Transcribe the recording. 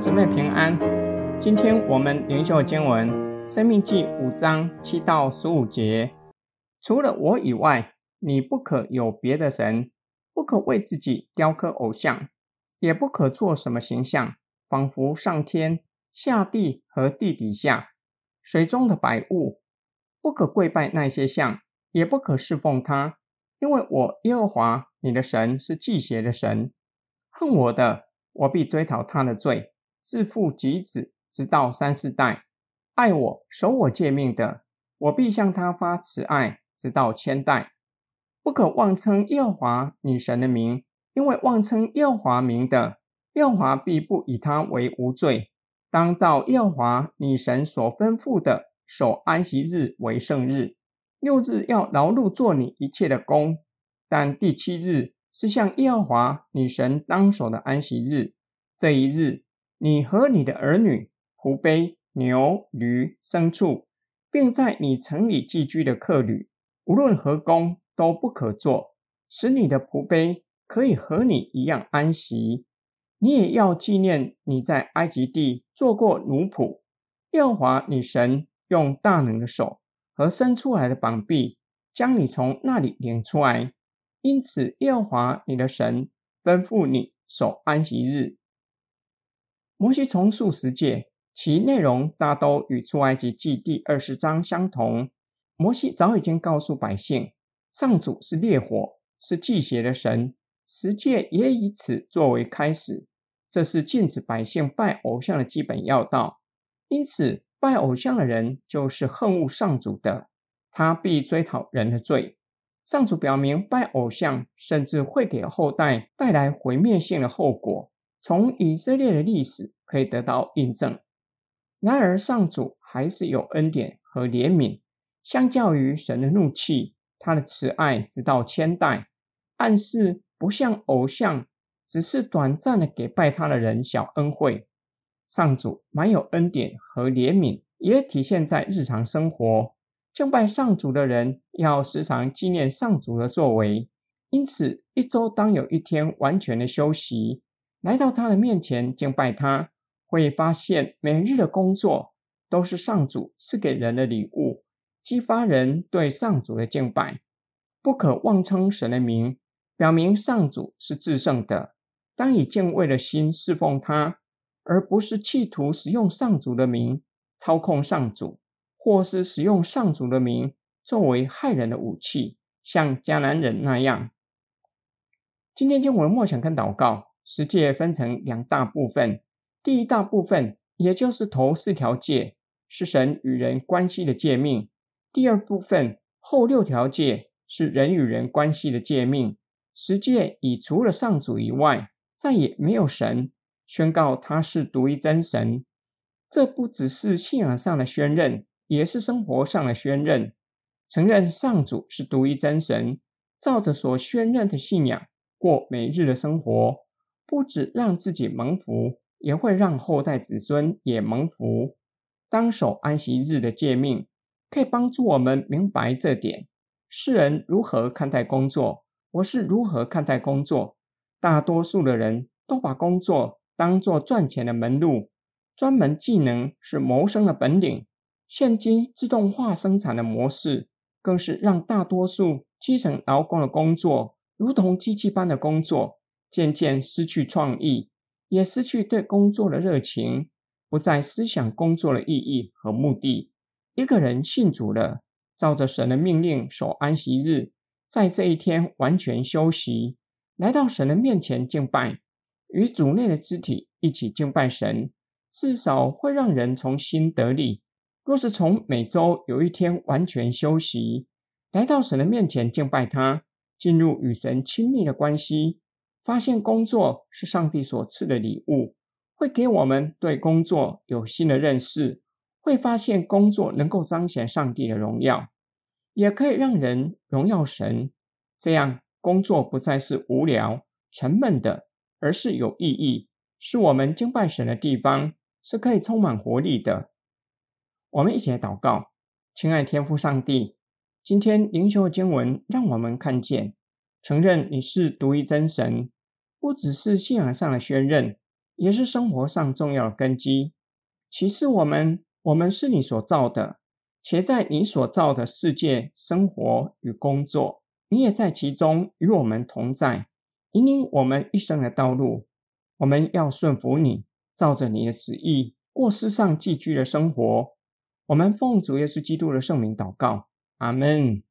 姊妹平安。今天我們靈修的經文《申命記》五章七到十五節。除了我以外，你不可有別的神，不可為自己雕刻偶像，也不可做什麼形象，仿佛上天下地和地底下水中的百物。不可跪拜那些像，也不可事奉他，因為我耶和華你的神是忌邪的神，恨我的，我必追討他的罪。自父及子，直到三四代，愛我、守我誡命的，我必向他發慈愛，直到千代。不可妄稱耶和華－你神的名，因為妄稱耶和華名的，耶和華必不以他為無罪。當照耶和華－你神所吩咐的，守安息日為聖日。六日要勞碌做你一切的工，但第七日是向耶和華－你神當守的安息日。這一日，你和你的兒女、僕婢、牛、驢、牲畜，並在你城裡寄居的客旅，無論何工都不可做，使你的僕婢可以和你一樣安息。你也要紀念你在埃及地做過奴僕。耶和華你神用大能的手和伸出來的膀臂將你從那裡領出來，因此耶和華你的神吩咐你守安息日。摩西重述十誡，其內容大都與出埃及記第二十章相同。摩西早已經告訴百姓，上主是烈火，是忌邪的神。十誡也以此作為開始，這是禁止百姓拜偶像的基本要道。因此，拜偶像的人就是恨惡上主的，他必追討人的罪。上主表明，拜偶像甚至會給後代帶來毀滅性的後果。從以色列的歷史可以得到印證。然而，上主還是有恩典和憐憫。相較於神的怒氣，他的慈愛直到千代，暗示不像偶像，只是短暫的給拜他的人小恩惠。上主滿有恩典和憐憫，也體現在日常生活。敬拜上主的人要時常紀念上主的作為，因此一周當有一天完全的休息。來到他的面前敬拜他，會發現每日的工作都是上主賜給人的禮物，激發人對上主的敬拜。不可妄稱神的名，表明上主是至聖的。當以敬畏的心事奉他，而不是企圖使用上主的名操控上主，或是使用上主的名作為害人的武器，像迦南人那樣。今天經文默想跟禱告。十誡分成兩大部分，第一大部分，也就是頭四條誡，是神與人關係的誡命；第二部分後六條誡，是人與人關係的誡命。十誡以除了上主以外，再也沒有神，宣告他是獨一真神。這不只是信仰上的宣認，也是生活上的宣認。承認上主是獨一真神，照着所宣認的信仰過每日的生活。不只讓自己蒙福，也會讓後代子孫也蒙福。當守安息日的誡命，可以幫助我們明白這點。世人如何看待工作？我是如何看待工作？大多數的人都把工作當作賺錢的門路，專門技能是謀生的本領。現今自動化生產的模式，更是讓大多數基層勞工的工作，如同機器般的工作。漸漸失去創意，也失去對工作的熱情，不再思想工作的意義和目的。一個人信主了，照着神的命令守安息日，在這一天完全休息，來到神的面前敬拜，與主內的肢體一起敬拜神，至少會讓人重新得力。若是從每周有一天完全休息，來到神的面前敬拜他，進入與神親密的關係。發現工作是上帝所賜的禮物，會給我們對工作有新的認識。會發現工作能夠彰顯上帝的榮耀，也可以讓人榮耀神。這樣工作不再是無聊、沉悶的，而是有意義，是我們敬拜神的地方，是可以充滿活力的。我們一起來禱告，親愛的天父上帝，今天靈修的經文讓我們看見，承認你是獨一真神。不只是信仰上的宣認，也是生活上重要的根基。啟示，我們我們是你所造的，且在你所造的世界生活與工作，你也在其中與我們同在，引領我們一生的道路。我們要順服你，照着你的旨意過世上寄居的生活。我們奉主耶穌基督的聖名禱告，阿門。